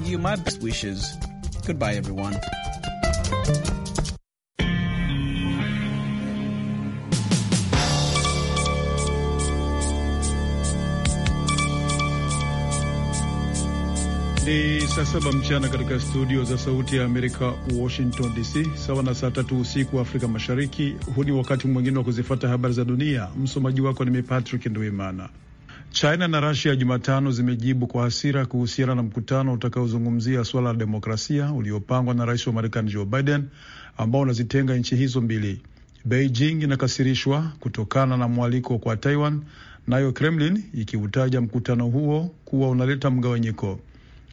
you my best wishes. Goodbye everyone. Ni saa saba mchana katika studio za Sauti ya Amerika, Washington DC, sawa na saa tatu usiku wa Afrika Mashariki. Huu ni wakati mwingine wa kuzifata habari za dunia. Msomaji wako ni mimi Patrick nduimana China na Rasia Jumatano zimejibu kwa hasira kuhusiana na mkutano utakaozungumzia suala la demokrasia uliopangwa na rais wa Marekani Joe Biden ambao unazitenga nchi hizo mbili. Beijing inakasirishwa kutokana na mwaliko kwa Taiwan, nayo Kremlin ikiutaja mkutano huo kuwa unaleta mgawanyiko.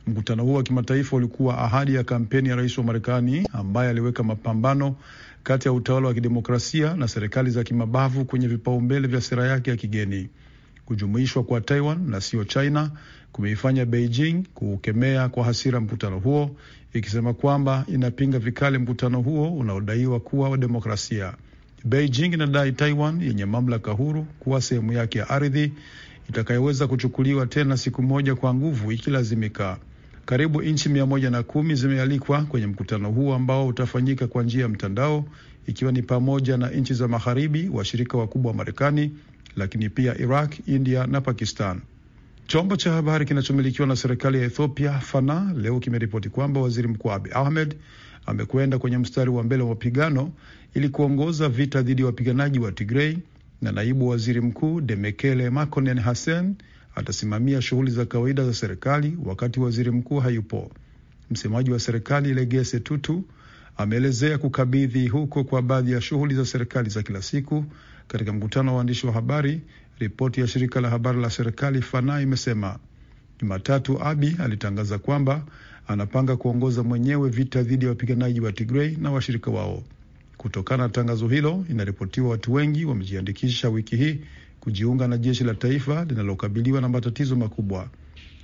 Mkutano huo wa kimataifa ulikuwa ahadi ya kampeni ya rais wa Marekani ambaye aliweka mapambano kati ya utawala wa kidemokrasia na serikali za kimabavu kwenye vipaumbele vya sera yake ya kigeni. Kujumuishwa kwa Taiwan na sio China kumeifanya Beijing kukemea kwa hasira mkutano huo, ikisema kwamba inapinga vikali mkutano huo unaodaiwa kuwa wa demokrasia. Beijing inadai Taiwan yenye mamlaka huru kuwa sehemu yake ya ardhi itakayoweza kuchukuliwa tena siku moja kwa nguvu ikilazimika. Karibu nchi mia moja na kumi zimealikwa kwenye mkutano huo ambao utafanyika kwa njia ya mtandao, ikiwa ni pamoja na nchi za magharibi, washirika wakubwa wa Marekani lakini pia Iraq, India na Pakistan. Chombo cha habari kinachomilikiwa na serikali ya Ethiopia Fana leo kimeripoti kwamba waziri mkuu Abi Ahmed amekwenda kwenye mstari wa mbele wa mapigano ili kuongoza vita dhidi ya wapiganaji wa Tigrei, na naibu waziri mkuu Demekele Mekonnen Hassen atasimamia shughuli za kawaida za serikali wakati waziri mkuu hayupo. Msemaji wa serikali Legese Tutu ameelezea kukabidhi huko kwa baadhi ya shughuli za serikali za kila siku katika mkutano wa waandishi wa habari, ripoti ya shirika la habari la serikali Fana imesema Jumatatu Abi alitangaza kwamba anapanga kuongoza mwenyewe vita dhidi ya wapiganaji wa Tigrei na washirika wao. Kutokana na tangazo hilo, inaripotiwa watu wengi wamejiandikisha wiki hii kujiunga na jeshi la taifa linalokabiliwa na matatizo makubwa.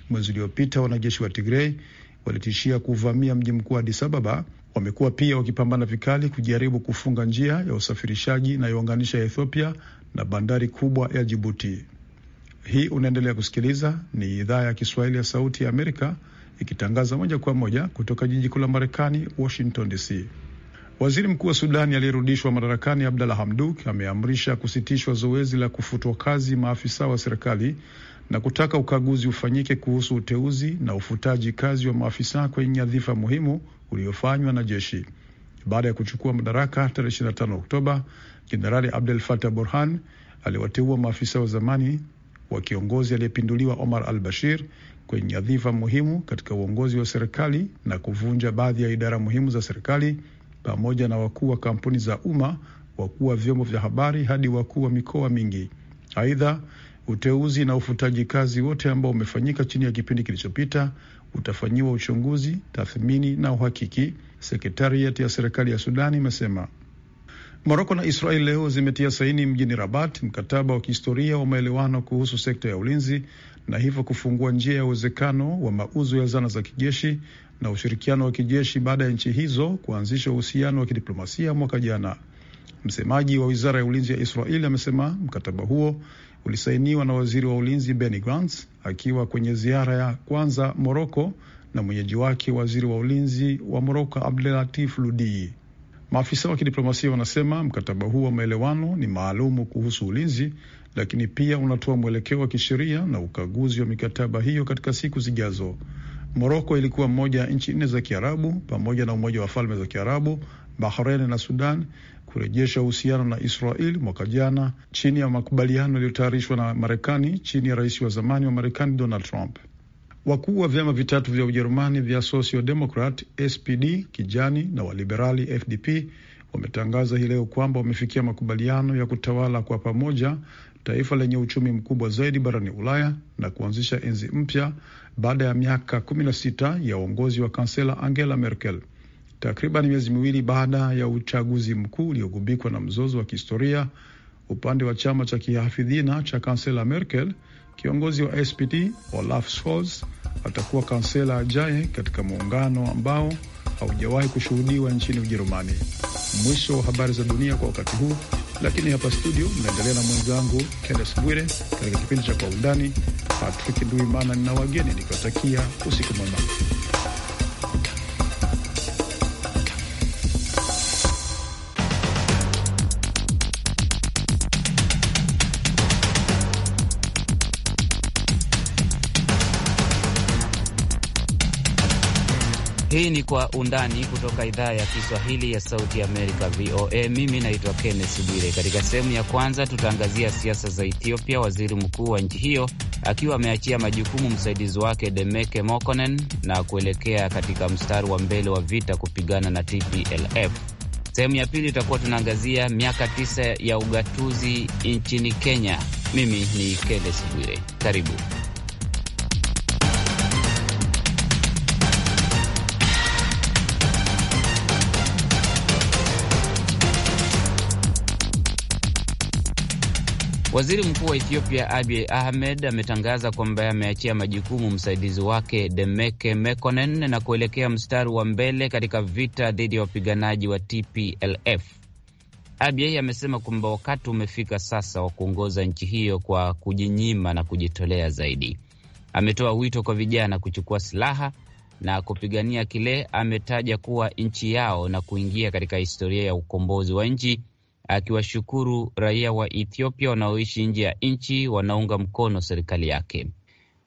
Mwezi uliopita wanajeshi wa Tigrei walitishia kuvamia mji mkuu Addis Ababa, wamekuwa pia wakipambana vikali kujaribu kufunga njia ya usafirishaji inayounganisha Ethiopia na bandari kubwa ya Jibuti. Hii unaendelea kusikiliza, ni idhaa ya Kiswahili ya Sauti ya Amerika ikitangaza moja kwa moja kutoka jiji kuu la Marekani, Washington DC. Waziri mkuu wa Sudani aliyerudishwa madarakani Abdalla Hamduk ameamrisha kusitishwa zoezi la kufutwa kazi maafisa wa serikali na kutaka ukaguzi ufanyike kuhusu uteuzi na ufutaji kazi wa maafisa kwenye nyadhifa muhimu uliofanywa na jeshi. Baada ya kuchukua madaraka tarehe 25 Oktoba, Jenerali Abdel fatah Burhan aliwateua maafisa wa zamani wa kiongozi aliyepinduliwa Omar al Bashir kwenye nyadhifa muhimu katika uongozi wa serikali na kuvunja baadhi ya idara muhimu za serikali pamoja na wakuu wa kampuni za umma, wakuu wa vyombo vya habari hadi wakuu wa mikoa mingi. Aidha, Uteuzi na ufutaji kazi wote ambao umefanyika chini ya kipindi kilichopita utafanyiwa uchunguzi, tathmini na uhakiki, sekretariat ya serikali ya Sudani imesema. Moroko na Israel leo zimetia saini mjini Rabat mkataba wa kihistoria wa maelewano kuhusu sekta ya ulinzi na hivyo kufungua njia ya uwezekano wa mauzo ya zana za kijeshi na ushirikiano wa kijeshi baada ya nchi hizo kuanzisha uhusiano wa kidiplomasia mwaka jana. Msemaji wa wizara ya ulinzi ya Israel amesema mkataba huo ulisainiwa na waziri wa ulinzi Benny Grants akiwa kwenye ziara ya kwanza Moroko na mwenyeji wake waziri wa ulinzi wa Moroko Abdelatif Ludii. Maafisa wa kidiplomasia wanasema mkataba huu wa maelewano ni maalumu kuhusu ulinzi, lakini pia unatoa mwelekeo wa kisheria na ukaguzi wa mikataba hiyo katika siku zijazo. Moroko ilikuwa mmoja ya nchi nne za Kiarabu pamoja na Umoja wa Falme za Kiarabu Bahrain na Sudan kurejesha uhusiano na Israel mwaka jana chini ya makubaliano yaliyotayarishwa na Marekani chini ya rais wa zamani wa Marekani Donald Trump. Wakuu wa vyama vitatu vya Ujerumani vya Social Democrat, SPD, kijani na waliberali FDP wametangaza hii leo kwamba wamefikia makubaliano ya kutawala kwa pamoja taifa lenye uchumi mkubwa zaidi barani Ulaya na kuanzisha enzi mpya baada ya miaka 16 ya uongozi wa kansela Angela Merkel. Takriban miezi miwili baada ya uchaguzi mkuu uliogubikwa na mzozo wa kihistoria, upande wa chama cha kihafidhina cha kansela Merkel, kiongozi wa SPD Olaf Scholz atakuwa kansela ajaye katika muungano ambao haujawahi kushuhudiwa nchini Ujerumani. Mwisho wa habari za dunia kwa wakati huu, lakini hapa studio mnaendelea na mwenzangu Kennes Bwire katika kipindi cha Kwa Undani. Patrick Nduimana nina wageni nikiwatakia usiku mwema. Hii ni Kwa Undani kutoka idhaa ya Kiswahili ya Sauti Amerika, VOA. Mimi naitwa Kennes Bwire. Katika sehemu ya kwanza, tutaangazia siasa za Ethiopia, waziri mkuu wa nchi hiyo akiwa ameachia majukumu msaidizi wake Demeke Mokonen na kuelekea katika mstari wa mbele wa vita kupigana na TPLF. Sehemu ya pili tutakuwa tunaangazia miaka tisa ya ugatuzi nchini Kenya. Mimi ni Kennes Bwire, karibu. Waziri Mkuu wa Ethiopia Abiy Ahmed ametangaza kwamba ameachia majukumu msaidizi wake Demeke Mekonnen na kuelekea mstari wa mbele katika vita dhidi ya wapiganaji wa TPLF. Abiy amesema kwamba wakati umefika sasa wa kuongoza nchi hiyo kwa kujinyima na kujitolea zaidi. Ametoa wito kwa vijana kuchukua silaha na kupigania kile ametaja kuwa nchi yao na kuingia katika historia ya ukombozi wa nchi akiwashukuru raia wa Ethiopia wanaoishi nje ya nchi wanaunga mkono serikali yake.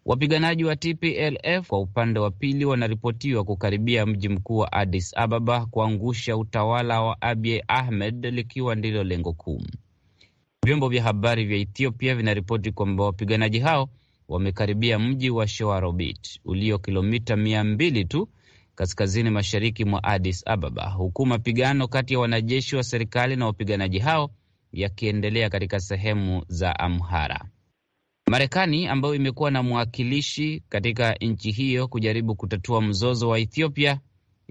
Wapiganaji wa TPLF kwa upande wa pili wanaripotiwa kukaribia mji mkuu wa Addis Ababa kuangusha utawala wa Abiy Ahmed likiwa ndilo lengo kuu. Vyombo vya habari vya Ethiopia vinaripoti kwamba wapiganaji hao wamekaribia mji wa Shoarobit ulio kilomita mia mbili tu kaskazini mashariki mwa Addis Ababa, huku mapigano kati ya wanajeshi wa serikali na wapiganaji hao yakiendelea katika sehemu za Amhara. Marekani ambayo imekuwa na mwakilishi katika nchi hiyo kujaribu kutatua mzozo wa Ethiopia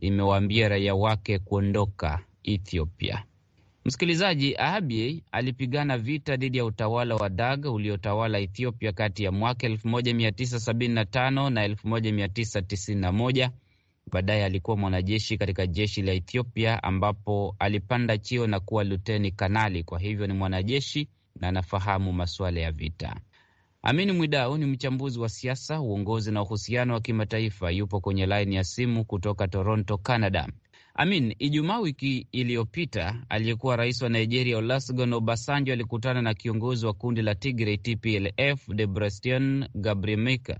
imewaambia raia wake kuondoka Ethiopia. Msikilizaji, Abiy alipigana vita dhidi ya utawala wa Dag uliotawala Ethiopia kati ya mwaka 1975 na 1991 Baadaye alikuwa mwanajeshi katika jeshi la Ethiopia ambapo alipanda cheo na kuwa luteni kanali. Kwa hivyo ni mwanajeshi na anafahamu masuala ya vita. Amin Mwidau ni mchambuzi wa siasa, uongozi na uhusiano wa kimataifa, yupo kwenye laini ya simu kutoka Toronto, Canada. Amin, Ijumaa wiki iliyopita aliyekuwa rais wa Nigeria Olusegun Obasanjo alikutana na kiongozi wa kundi la Tigray TPLF Debretsion Gebremichael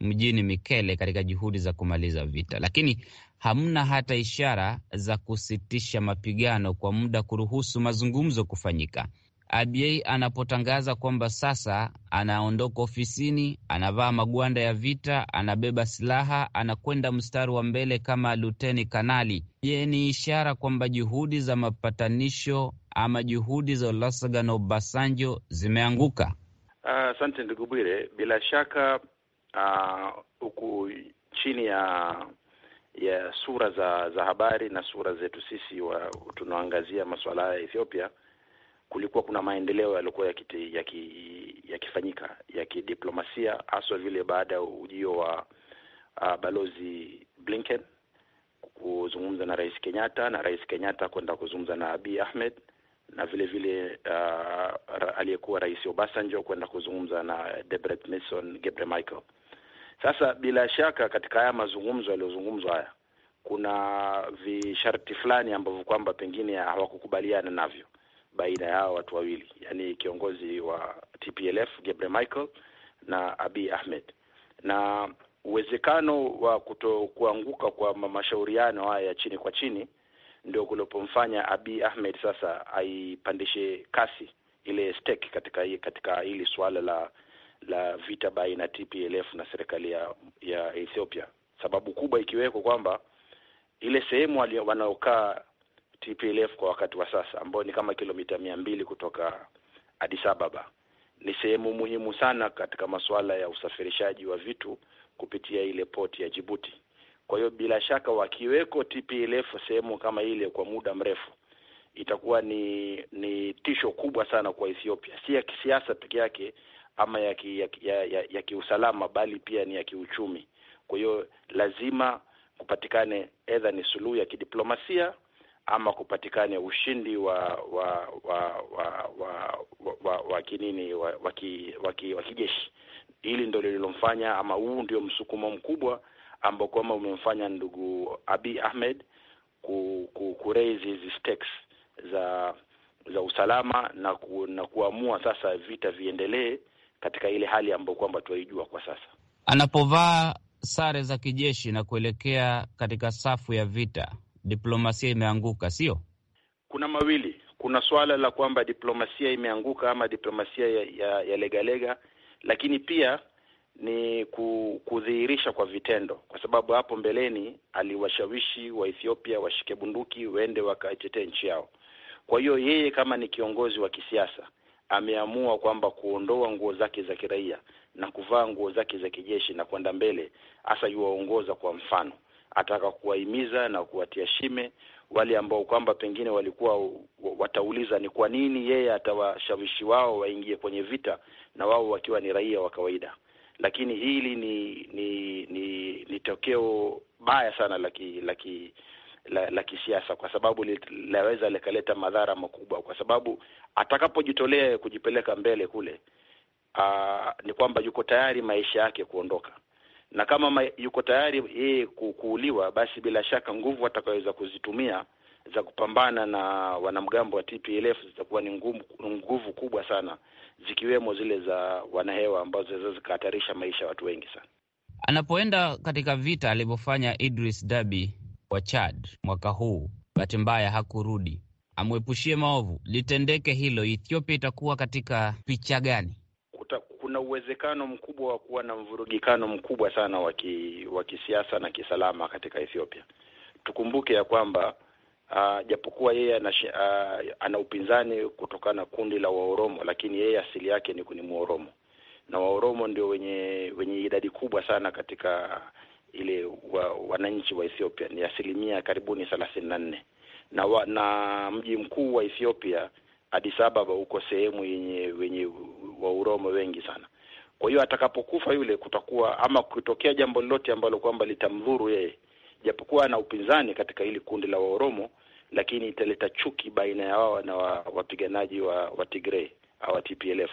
mjini Mikele katika juhudi za kumaliza vita, lakini hamna hata ishara za kusitisha mapigano kwa muda kuruhusu mazungumzo kufanyika. Abiy anapotangaza kwamba sasa anaondoka ofisini, anavaa magwanda ya vita, anabeba silaha, anakwenda mstari wa mbele kama luteni kanali. Je, ni ishara kwamba juhudi za mapatanisho ama juhudi za Olusegun Obasanjo zimeanguka? Asante uh, ndugu Bwire, bila shaka Ah, huku uh, chini ya ya sura za za habari na sura zetu sisi wa tunaangazia masuala ya Ethiopia, kulikuwa kuna maendeleo yaliokuwa yakifanyika ya ya, ya kidiplomasia haswa vile baada ya ujio wa uh, balozi Blinken kuzungumza na Rais Kenyatta na Rais Kenyatta kwenda kuzungumza na Abiy Ahmed na vile vile uh, aliyekuwa Rais Obasanjo kwenda kuzungumza na Debret Mason Gebre Michael. Sasa bila shaka katika haya mazungumzo yaliyozungumzwa haya kuna visharti fulani ambavyo kwamba pengine hawakukubaliana navyo baina ya watu wawili, yani kiongozi wa TPLF Gabriel Michael na Abiy Ahmed, na uwezekano wa kuto kuanguka kwa mashauriano haya ya chini kwa chini ndio kulipomfanya Abiy Ahmed sasa aipandishe kasi ile stake katika katika hili suala la la vita baina TPLF na serikali ya, ya Ethiopia, sababu kubwa ikiweko kwamba ile sehemu wanaokaa TPLF kwa wakati wa sasa ambayo ni kama kilomita mia mbili kutoka Addis Ababa ni sehemu muhimu sana katika masuala ya usafirishaji wa vitu kupitia ile poti ya Djibouti. Kwa hiyo bila shaka wakiweko TPLF sehemu kama ile kwa muda mrefu itakuwa ni ni tisho kubwa sana kwa Ethiopia, si ya kisiasa peke yake, ama ya, ki, ya, ya, ya, ya kiusalama bali pia ni ya kiuchumi. Kwa hiyo lazima kupatikane edha ni suluhu ya kidiplomasia ama kupatikane ushindi wa wa wa wa wa, wa, wa kinini wa, wa, ki, wa, ki, wa kijeshi. Hili ndio lililomfanya ama huu ndio msukumo mkubwa ambao kwamba umemfanya ndugu Abi Ahmed ku, ku, ku raise hizi stakes za za usalama na, ku, na kuamua sasa vita viendelee katika ile hali ambayo kwamba tuaijua kwa sasa. Anapovaa sare za kijeshi na kuelekea katika safu ya vita, diplomasia imeanguka, sio? Kuna mawili, kuna suala la kwamba diplomasia imeanguka ama diplomasia ya, ya, ya legalega, lakini pia ni kudhihirisha kwa vitendo, kwa sababu hapo mbeleni aliwashawishi wa Ethiopia washike bunduki waende wakatetee nchi yao. Kwa hiyo yeye kama ni kiongozi wa kisiasa ameamua kwamba kuondoa nguo zake za kiraia na kuvaa nguo zake za kijeshi na kwenda mbele, hasa yuwaongoza kwa mfano. Ataka kuwahimiza na kuwatia shime wale ambao kwamba pengine walikuwa watauliza ni kwa nini yeye atawashawishi wao waingie kwenye vita na wao wakiwa ni raia wa kawaida. Lakini hili ni ni ni, ni tokeo baya sana la la, la kisiasa, kwa sababu linaweza likaleta madhara makubwa, kwa sababu atakapojitolea kujipeleka mbele kule, aa, ni kwamba yuko tayari maisha yake kuondoka, na kama ma, yuko tayari yeye kuuliwa, basi bila shaka nguvu atakayoweza kuzitumia za kupambana na wanamgambo wa TPLF zitakuwa ni nguvu, nguvu kubwa sana zikiwemo zile za wanahewa ambazo zinaweza zikahatarisha maisha ya watu wengi sana. Anapoenda katika vita alivyofanya Idris Dabi kwa Chad mwaka huu, bahati mbaya hakurudi. Amwepushie maovu. Litendeke hilo, Ethiopia itakuwa katika picha gani? Kuna uwezekano mkubwa wa kuwa na mvurugikano mkubwa sana wa kisiasa na kisalama katika Ethiopia. Tukumbuke ya kwamba Uh, japokuwa yeye ana, uh, ana upinzani kutokana na kundi la Waoromo, lakini yeye asili yake ni kuni Muoromo na Waoromo ndio wenye wenye idadi kubwa sana katika ile wa, wananchi wa Ethiopia ni asilimia karibuni thelathini na nne na wa, na mji mkuu wa Ethiopia Addis Ababa uko sehemu yenye wenye wa Uromo wengi sana. Kwa hiyo atakapokufa yule, kutakuwa ama kutokea jambo lolote ambalo kwamba litamdhuru yeye, japokuwa ana upinzani katika hili kundi la Waoromo, lakini italeta chuki baina ya wao na wapiganaji wa, wa Tigray au TPLF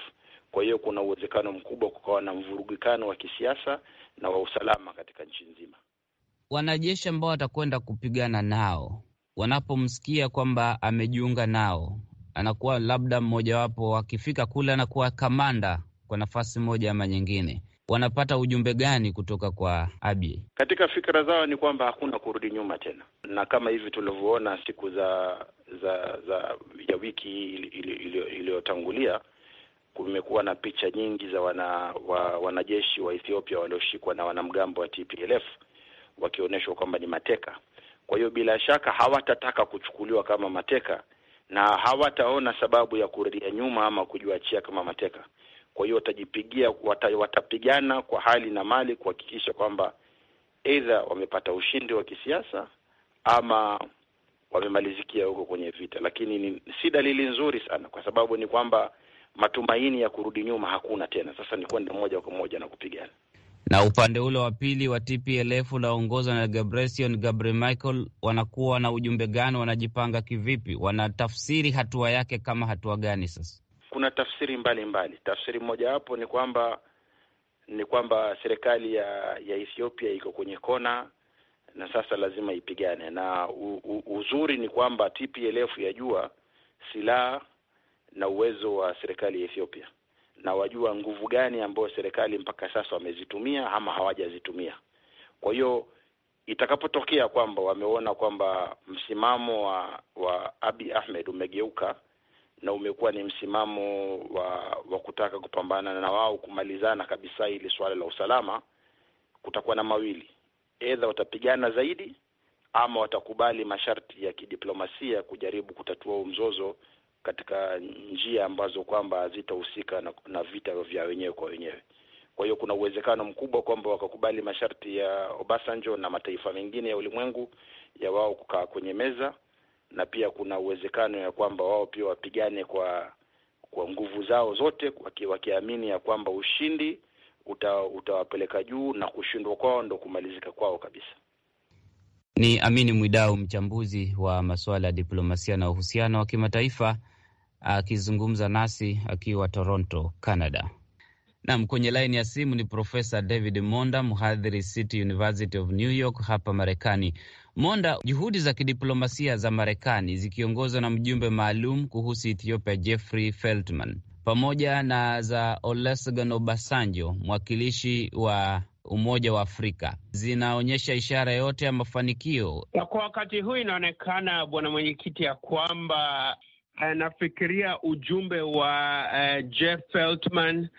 kwa hiyo kuna uwezekano mkubwa kukawa na mvurugikano wa kisiasa na wa usalama katika nchi nzima. Wanajeshi ambao watakwenda kupigana nao wanapomsikia kwamba amejiunga nao, anakuwa labda mmojawapo, akifika kule anakuwa kamanda kwa nafasi moja ama nyingine wanapata ujumbe gani kutoka kwa Abiy? Katika fikra zao ni kwamba hakuna kurudi nyuma tena, na kama hivi tulivyoona siku za za za ya wiki iliyotangulia ili, ili, ili kumekuwa na picha nyingi za wana, wa, wanajeshi wa Ethiopia walioshikwa na wanamgambo wa TPLF wakionyeshwa kwamba ni mateka. Kwa hiyo bila shaka hawatataka kuchukuliwa kama mateka na hawataona sababu ya kurudia nyuma ama kujiachia kama mateka. Kwa hiyo watajipigia, watapigana kwa hali na mali kuhakikisha kwamba aidha wamepata ushindi wa kisiasa ama wamemalizikia huko kwenye vita, lakini ni, si dalili nzuri sana, kwa sababu ni kwamba matumaini ya kurudi nyuma hakuna tena. Sasa ni kwenda moja kwa moja na kupigana. Na upande ule wa pili wa TPLF unaongozwa na Gebresion Gabriel Michael, wanakuwa na ujumbe gani? Wanajipanga kivipi? Wanatafsiri hatua yake kama hatua gani? Sasa kuna tafsiri mbalimbali mbali. Tafsiri mojawapo ni kwamba ni kwamba serikali ya ya Ethiopia iko kwenye kona na sasa lazima ipigane, na u, u, uzuri ni kwamba TPLF yajua silaha na uwezo wa serikali ya Ethiopia na wajua nguvu gani ambayo serikali mpaka sasa wamezitumia ama hawajazitumia. Kwa hiyo itakapotokea kwamba wameona kwamba msimamo wa wa Abi Ahmed umegeuka na umekuwa ni msimamo wa wa kutaka kupambana na wao kumalizana kabisa ili swala la usalama, kutakuwa na mawili, aidha watapigana zaidi ama watakubali masharti ya kidiplomasia kujaribu kutatua mzozo katika njia ambazo kwamba hazitahusika na, na vita vya wenyewe kwa wenyewe. Kwa hiyo kuna uwezekano mkubwa kwamba wakakubali masharti ya Obasanjo na mataifa mengine ya ulimwengu ya wao kukaa kwenye meza, na pia kuna uwezekano ya kwamba wao pia wapigane kwa kwa nguvu zao zote wakiamini ya kwamba ushindi uta, utawapeleka juu na kushindwa kwao ndo kumalizika kwao kabisa. Ni Amini Mwidau, mchambuzi wa masuala ya diplomasia na uhusiano wa kimataifa akizungumza nasi akiwa Toronto, Canada. Nam, kwenye laini ya simu ni Profesa David Monda, mhadhiri City University of New York hapa Marekani. Monda, juhudi za kidiplomasia za Marekani zikiongozwa na mjumbe maalum kuhusu Ethiopia Jeffrey Feltman pamoja na za Olusegun Obasanjo, mwakilishi wa Umoja wa Afrika zinaonyesha ishara yote ya mafanikio. Na kwa wakati huu inaonekana, bwana mwenyekiti, ya kwamba Eh, nafikiria ujumbe wa uh, Jeff Feltman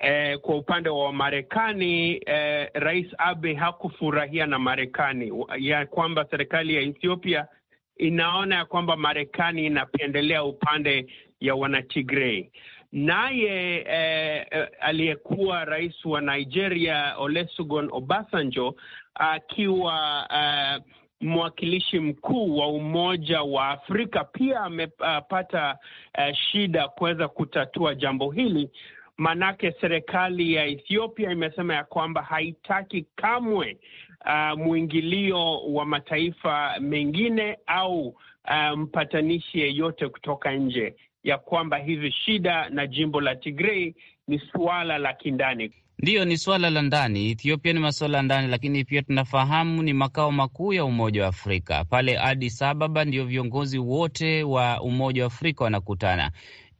uh, kwa upande wa Marekani uh, Rais Abe hakufurahia na Marekani ya kwamba serikali ya Ethiopia inaona ya kwamba Marekani inapendelea upande ya wanatigrei Naye eh, aliyekuwa rais wa Nigeria Olusegun Obasanjo akiwa eh, mwakilishi mkuu wa Umoja wa Afrika pia amepata uh, shida kuweza kutatua jambo hili, manake serikali ya Ethiopia imesema ya kwamba haitaki kamwe uh, mwingilio wa mataifa mengine au eh, mpatanishi um, yeyote kutoka nje, ya kwamba hizi shida na jimbo la Tigrei ni suala la kindani. Ndiyo, ni swala la ndani. Ethiopia ni masuala ya ndani, lakini pia tunafahamu ni makao makuu ya Umoja wa Afrika pale Addis Ababa, ndio viongozi wote wa Umoja wa Afrika wanakutana.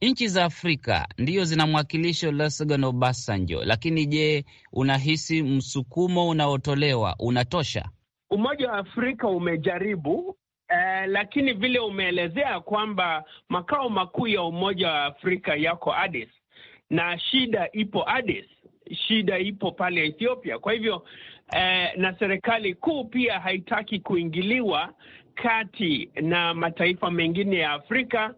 Nchi za Afrika ndiyo zina mwakilishi Olusegun Obasanjo, lakini je, unahisi msukumo unaotolewa unatosha? Umoja wa Afrika umejaribu eh, lakini vile umeelezea kwamba makao makuu ya Umoja wa Afrika yako Addis na shida ipo Addis shida ipo pale Ethiopia. Kwa hivyo eh, na serikali kuu pia haitaki kuingiliwa kati na mataifa mengine ya Afrika.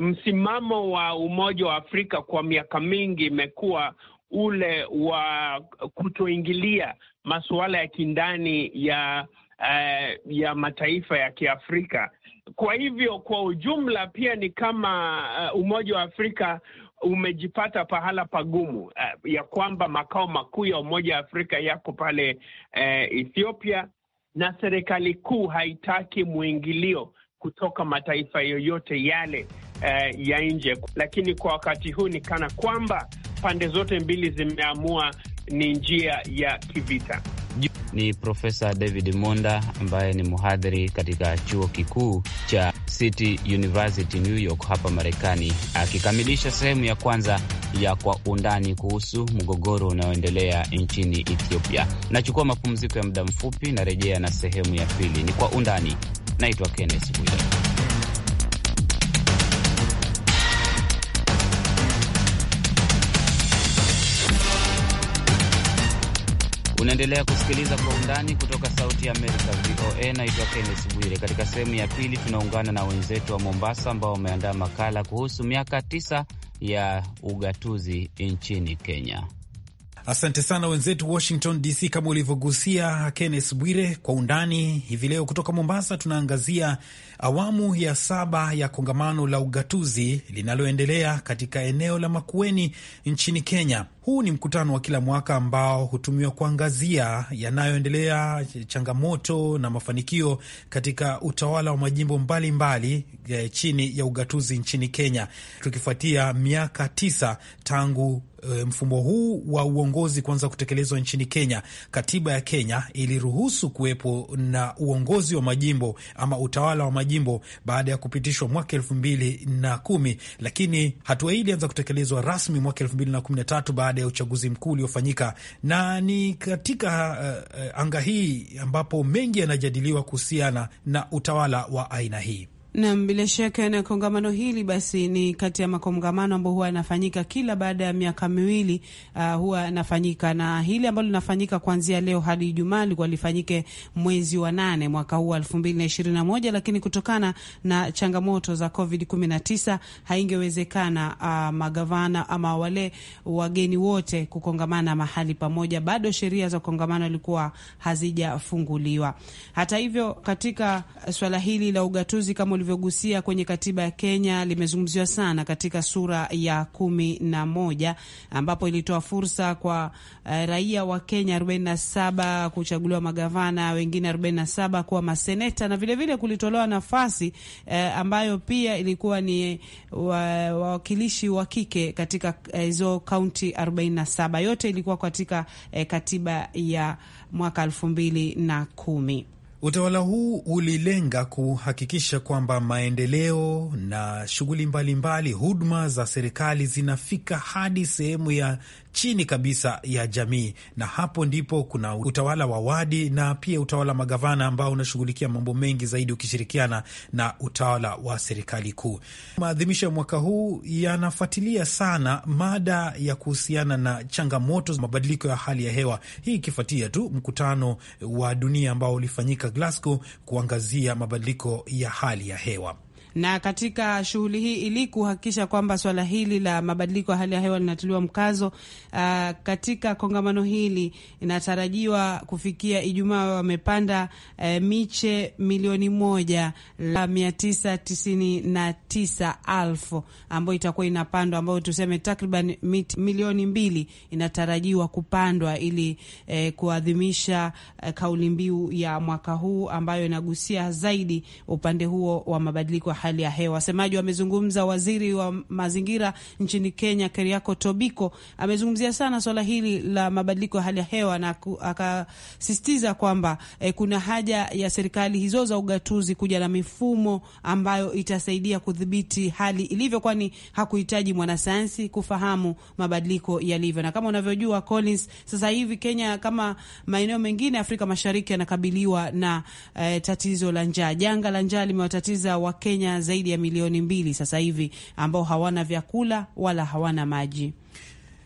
Msimamo wa Umoja wa Afrika kwa miaka mingi imekuwa ule wa kutoingilia masuala ya kindani ya eh, ya mataifa ya Kiafrika. Kwa hivyo kwa ujumla pia ni kama eh, Umoja wa Afrika umejipata pahala pagumu uh, ya kwamba makao makuu ya Umoja wa Afrika yako pale uh, Ethiopia na serikali kuu haitaki mwingilio kutoka mataifa yoyote yale uh, ya nje, lakini kwa wakati huu ni kana kwamba pande zote mbili zimeamua ni njia ya kivita ni Profesa David Monda ambaye ni mhadhiri katika chuo kikuu cha City University New York hapa Marekani, akikamilisha sehemu ya kwanza ya Kwa Undani kuhusu mgogoro unaoendelea nchini Ethiopia. Nachukua mapumziko ya muda mfupi, narejea na sehemu ya pili. Ni Kwa Undani. Naitwa Kenneth Bwire. Unaendelea kusikiliza Kwa Undani kutoka Sauti ya Amerika, VOA. Naitwa Kennes Bwire. Katika sehemu ya pili, tunaungana na wenzetu wa Mombasa ambao wameandaa makala kuhusu miaka tisa ya ugatuzi nchini Kenya. Asante sana wenzetu Washington DC, kama ulivyogusia Kenneth Bwire. Kwa undani hivi leo kutoka Mombasa, tunaangazia awamu ya saba ya kongamano la ugatuzi linaloendelea katika eneo la Makueni nchini Kenya. Huu ni mkutano wa kila mwaka ambao hutumiwa kuangazia yanayoendelea, changamoto na mafanikio katika utawala wa majimbo mbalimbali mbali, eh, chini ya ugatuzi nchini Kenya, tukifuatia miaka tisa tangu Eh, mfumo huu wa uongozi kuanza kutekelezwa nchini Kenya, katiba ya Kenya iliruhusu kuwepo na uongozi wa majimbo ama utawala wa majimbo baada ya kupitishwa mwaka elfu mbili na kumi, lakini hatua hii ilianza kutekelezwa rasmi mwaka elfu mbili na kumi na tatu baada ya uchaguzi mkuu uliofanyika, na ni katika uh, anga hii ambapo mengi yanajadiliwa kuhusiana na utawala wa aina hii. Nam, bila shaka na kongamano hili basi ni kati ya makongamano ambayo huwa yanafanyika kila baada ya miaka miwili. Uh, huwa yanafanyika na hili ambalo linafanyika kuanzia leo hadi Ijumaa likuwa lifanyike mwezi wa nane mwaka huu elfu mbili na ishirini na moja, lakini kutokana na changamoto za Covid 19 haingewezekana uh, magavana ama wale wageni wote kukongamana mahali pamoja. Bado sheria za kongamano ilikuwa hazijafunguliwa. Hata hivyo katika swala hili la ugatuzi kama tulivyogusia kwenye katiba ya Kenya limezungumziwa sana katika sura ya kumi na moja ambapo ilitoa fursa kwa uh, raia wa Kenya 47 kuchaguliwa magavana, wengine 47 kuwa maseneta na vilevile vile kulitolewa nafasi uh, ambayo pia ilikuwa ni wawakilishi wa kike katika eh, hizo uh, kaunti 47. Yote ilikuwa katika uh, katiba ya mwaka elfu mbili na kumi. Utawala huu ulilenga kuhakikisha kwamba maendeleo na shughuli mbalimbali, huduma za serikali zinafika hadi sehemu ya chini kabisa ya jamii, na hapo ndipo kuna utawala wa wadi na pia utawala wa magavana ambao unashughulikia mambo mengi zaidi ukishirikiana na utawala wa serikali kuu. Maadhimisho ya mwaka huu yanafuatilia sana mada ya kuhusiana na changamoto za mabadiliko ya hali ya hewa, hii ikifuatia tu mkutano wa dunia ambao ulifanyika Glasgow kuangazia mabadiliko ya hali ya hewa na katika shughuli hii ili kuhakikisha kwamba swala hili la mabadiliko ya hali ya hewa linatuliwa mkazo. Uh, katika kongamano hili inatarajiwa kufikia Ijumaa wamepanda uh, miche milioni moja la mia tisa tisini na tisa alfu ambayo itakuwa inapandwa, ambayo tuseme takriban milioni mbili inatarajiwa kupandwa ili uh, kuadhimisha uh, kauli mbiu ya mwaka huu ambayo inagusia zaidi upande huo wa mabadiliko hali ya hewa. Wasemaji wamezungumza, waziri wa mazingira nchini Kenya Keriako Tobiko amezungumzia sana swala hili la mabadiliko ya hali ya hewa na akasisitiza kwamba eh, kuna haja ya serikali hizo za ugatuzi kuja na mifumo ambayo itasaidia kudhibiti hali ilivyo, kwani hakuhitaji mwanasayansi kufahamu mabadiliko yalivyo. Na kama unavyojua Collins, sasa hivi Kenya kama maeneo mengine Afrika Mashariki yanakabiliwa na eh, tatizo la njaa. Janga la njaa limewatatiza Wakenya zaidi ya milioni mbili sasa hivi ambao hawana vyakula wala hawana maji.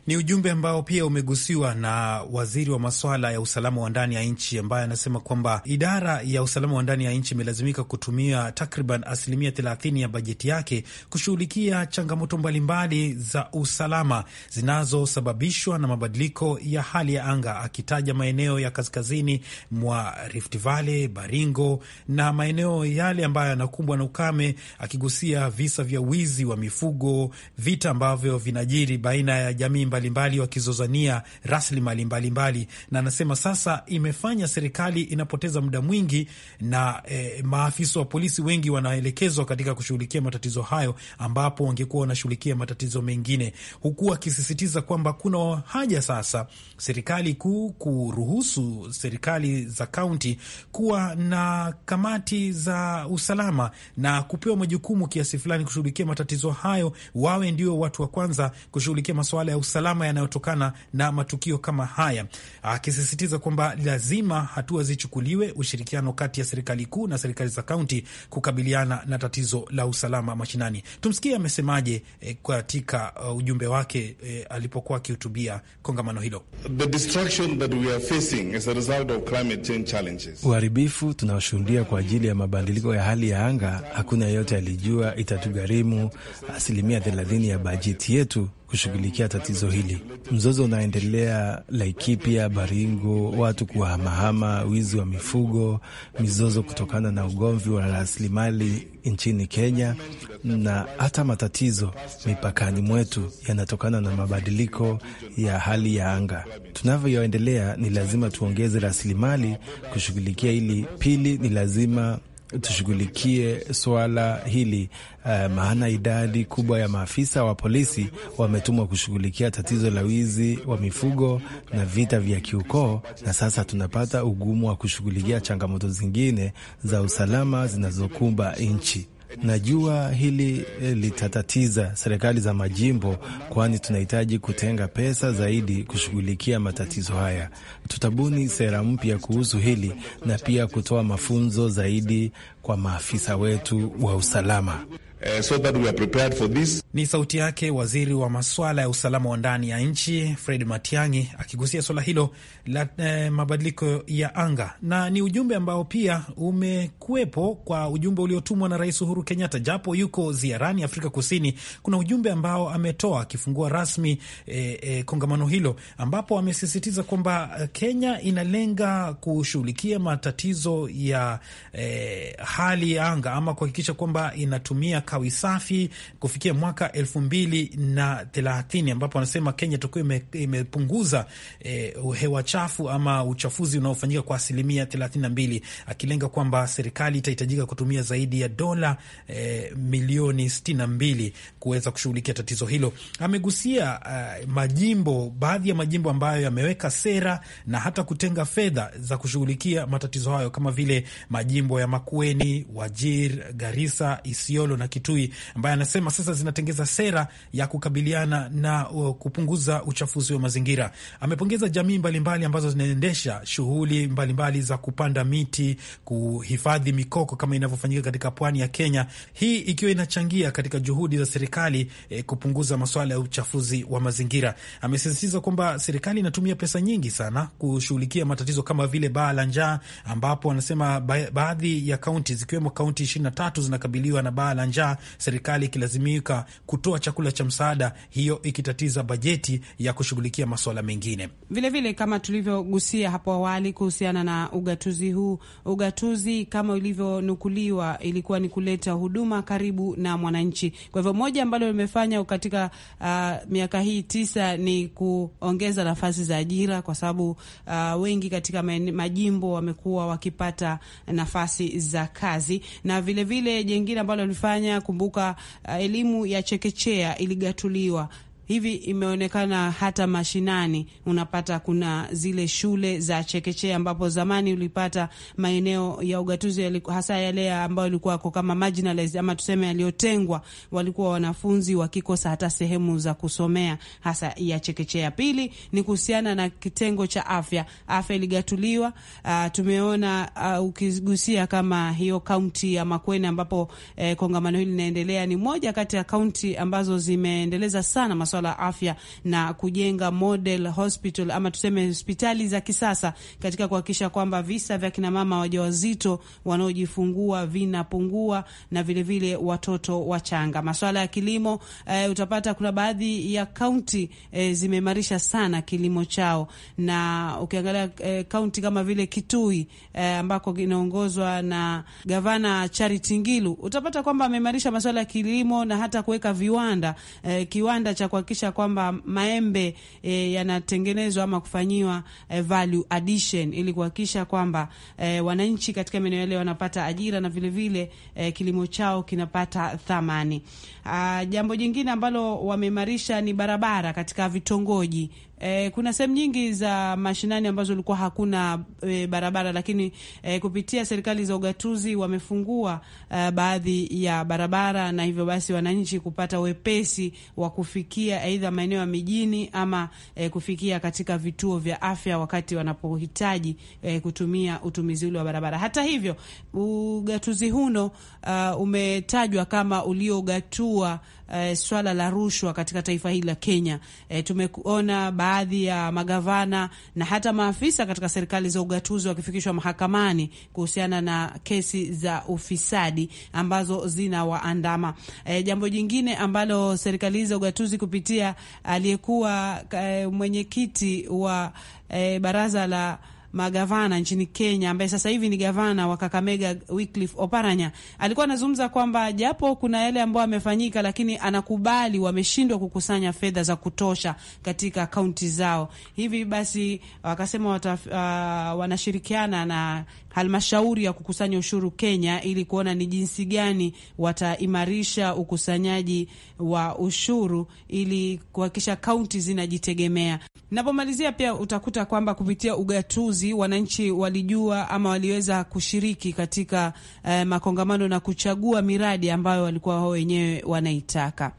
Ni ujumbe ambao pia umegusiwa na waziri wa maswala ya usalama wa ndani ya nchi ambaye anasema kwamba idara ya usalama wa ndani ya nchi imelazimika kutumia takriban asilimia 30 ya bajeti yake kushughulikia changamoto mbalimbali za usalama zinazosababishwa na mabadiliko ya hali ya anga, akitaja maeneo ya kaskazini mwa Rift Valley, Baringo na maeneo yale ambayo yanakumbwa na ukame, akigusia visa vya wizi wa mifugo, vita ambavyo vinajiri baina ya jamii mbalimbali wakizozania rasilimali mbalimbali, na anasema sasa imefanya serikali inapoteza muda mwingi na eh, maafisa wa polisi wengi wanaelekezwa katika kushughulikia matatizo hayo ambapo wangekuwa wanashughulikia matatizo mengine, huku akisisitiza kwamba kuna haja sasa serikali kuu kuruhusu serikali za kaunti kuwa na kamati za usalama na kupewa majukumu kiasi fulani kushughulikia matatizo hayo, wawe ndio watu wa kwanza kushughulikia masuala ya usalama usalama yanayotokana na matukio kama haya, akisisitiza kwamba lazima hatua zichukuliwe, ushirikiano kati ya serikali kuu na serikali za kaunti kukabiliana na tatizo la usalama mashinani. Tumsikie amesemaje eh, katika uh, ujumbe wake eh, alipokuwa akihutubia kongamano hilo. Uharibifu tunaoshuhudia kwa ajili ya mabadiliko ya hali ya anga, hakuna yeyote alijua itatugharimu asilimia 30 ya bajeti yetu kushughulikia tatizo hili. Mzozo unaendelea Laikipia, Baringo, watu kuwahamahama, wizi wa mifugo, mizozo kutokana na ugomvi wa rasilimali nchini Kenya, na hata matatizo mipakani mwetu yanatokana na mabadiliko ya hali ya anga. Tunavyoendelea, ni lazima tuongeze rasilimali kushughulikia hili. Pili, ni lazima tushughulikie suala hili uh, maana idadi kubwa ya maafisa wa polisi wametumwa kushughulikia tatizo la wizi wa mifugo na vita vya kiukoo, na sasa tunapata ugumu wa kushughulikia changamoto zingine za usalama zinazokumba nchi. Najua hili eh, litatatiza serikali za majimbo, kwani tunahitaji kutenga pesa zaidi kushughulikia matatizo haya. Tutabuni sera mpya kuhusu hili na pia kutoa mafunzo zaidi kwa maafisa wetu wa usalama. Eh, so that we are prepared for this. Ni sauti yake waziri wa maswala ya usalama wa ndani ya nchi Fred Matiang'i akigusia swala hilo la eh, mabadiliko ya anga, na ni ujumbe ambao pia umekuwepo kwa ujumbe uliotumwa na Rais Uhuru Kenyatta, japo yuko ziarani Afrika Kusini. Kuna ujumbe ambao ametoa akifungua rasmi eh, eh, kongamano hilo, ambapo amesisitiza kwamba eh, Kenya inalenga kushughulikia matatizo ya eh, hali ya anga ama kuhakikisha kwamba inatumia kawi safi kufikia mwaka elfu mbili na thelathini ambapo wanasema Kenya itakuwa imepunguza eh, hewa chafu ama uchafuzi unaofanyika kwa asilimia thelathini na mbili, akilenga kwamba serikali itahitajika kutumia zaidi ya dola eh, milioni sitini na mbili kuweza kushughulikia tatizo hilo. Amegusia uh, majimbo, baadhi ya majimbo ambayo yameweka sera na hata kutenga fedha za kushughulikia matatizo hayo kama vile majimbo ya Makueni, Wajir, Garisa, Isiolo na Kitui ambaye anasema sasa zinatengeza sera ya kukabiliana na uh, kupunguza uchafuzi wa mazingira. Amepongeza jamii mbalimbali mbali ambazo zinaendesha shughuli mbalimbali za kupanda miti, kuhifadhi mikoko kama inavyofanyika katika pwani ya Kenya, hii ikiwa inachangia katika juhudi za serikali eh, kupunguza masuala ya uchafuzi wa mazingira. Amesisitiza kwamba serikali inatumia pesa nyingi sana kushughulikia matatizo kama vile baa la njaa, ambapo anasema baadhi ya kaunti zikiwemo kaunti 23 zinakabiliwa na baa la njaa njaa, serikali ikilazimika kutoa chakula cha msaada, hiyo ikitatiza bajeti ya kushughulikia masuala mengine. Vilevile, kama tulivyogusia hapo awali kuhusiana na ugatuzi huu, ugatuzi kama ilivyonukuliwa ilikuwa ni kuleta huduma karibu na mwananchi. Kwa hivyo moja ambalo limefanya katika uh, miaka hii tisa ni kuongeza nafasi za ajira, kwa sababu uh, wengi katika majimbo wamekuwa wakipata nafasi za kazi, na vilevile jengine ambalo lilifanya kumbuka, uh, elimu ya chekechea iligatuliwa hivi imeonekana hata mashinani, unapata kuna zile shule za chekechea ambapo zamani ulipata maeneo ya ugatuzi, hasa yale ambayo ilikuwa ko kama marginalized ama tuseme yaliyotengwa, walikuwa wanafunzi wakikosa hata sehemu za kusomea hasa ya chekechea. Pili ni kuhusiana na kitengo cha afya, afya iligatuliwa. Uh, tumeona uh, ukigusia kama hiyo kaunti ya Makueni ambapo eh, kongamano hili linaendelea, ni moja kati ya kaunti ambazo zimeendeleza sana masuala masuala ya afya na kujenga model hospital ama tuseme hospitali za kisasa katika kuhakikisha kwamba visa vya kinamama wajawazito wanaojifungua vinapungua na vilevile vile watoto wachanga. Masuala ya kilimo eh, utapata kuna baadhi ya kaunti eh, zimeimarisha sana kilimo chao, na ukiangalia eh, kaunti eh, kama vile Kitui eh, ambako inaongozwa na gavana Charity Ngilu utapata kwamba ameimarisha masuala ya kilimo na hata kuweka viwanda eh, kiwanda cha kwa kuhakikisha kwamba maembe e, yanatengenezwa ama kufanyiwa e, value addition ili kuhakikisha kwamba e, wananchi katika maeneo yale wanapata ajira na vilevile vile, e, kilimo chao kinapata thamani. A, ah, jambo jingine ambalo wameimarisha ni barabara katika vitongoji E, kuna sehemu nyingi za mashinani ambazo ulikuwa hakuna e, barabara lakini e, kupitia serikali za ugatuzi wamefungua e, baadhi ya barabara na hivyo basi wananchi kupata wepesi wa kufikia aidha maeneo ya mijini ama e, kufikia katika vituo vya afya wakati wanapohitaji e, kutumia utumizi ule wa barabara. Hata hivyo ugatuzi huno uh, umetajwa kama uliogatua eh, swala la rushwa katika taifa hili la Kenya. Eh, tumeona baadhi ya magavana na hata maafisa katika serikali za ugatuzi wakifikishwa mahakamani kuhusiana na kesi za ufisadi ambazo zinawaandama. Eh, jambo jingine ambalo serikali za ugatuzi kupitia aliyekuwa eh, mwenyekiti wa eh, baraza la magavana nchini Kenya ambaye sasa hivi ni gavana wa Kakamega Wycliffe Oparanya alikuwa anazungumza kwamba japo kuna yale ambayo amefanyika, lakini anakubali wameshindwa kukusanya fedha za kutosha katika kaunti zao. Hivi basi wakasema wata, uh, wanashirikiana na halmashauri ya kukusanya ushuru Kenya ili kuona ni jinsi gani wataimarisha ukusanyaji wa ushuru ili kuhakikisha kaunti zinajitegemea. Napomalizia pia utakuta kwamba kupitia ugatuzi wananchi walijua ama waliweza kushiriki katika eh, makongamano na kuchagua miradi ambayo walikuwa wao wenyewe wanaitaka.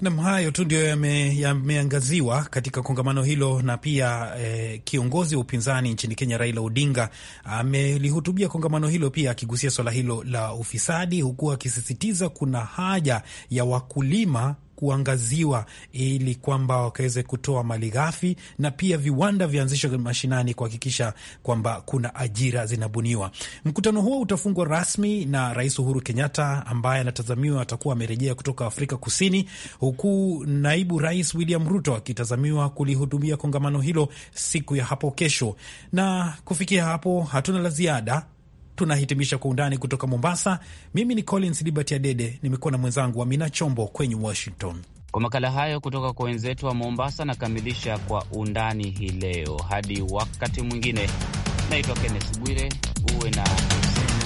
Nam, hayo tu ndio yameangaziwa katika kongamano hilo, na pia eh, kiongozi wa upinzani nchini Kenya Raila Odinga amelihutubia kongamano hilo pia akigusia swala hilo la ufisadi, huku akisisitiza kuna haja ya wakulima kuangaziwa ili kwamba wakaweze kutoa mali ghafi na pia viwanda vianzishwe mashinani kuhakikisha kwamba kuna ajira zinabuniwa. Mkutano huo utafungwa rasmi na Rais Uhuru Kenyatta ambaye anatazamiwa atakuwa amerejea kutoka Afrika Kusini, huku naibu rais William Ruto akitazamiwa kulihudumia kongamano hilo siku ya hapo kesho. Na kufikia hapo hatuna la ziada tunahitimisha kwa undani kutoka Mombasa. Mimi ni Collins Liberty Adede, nimekuwa na mwenzangu Amina Chombo kwenye Washington. Kwa makala hayo kutoka kwa wenzetu wa Mombasa, nakamilisha kwa undani hii leo. Hadi wakati mwingine, naitwa Kennes Bwire, uwe na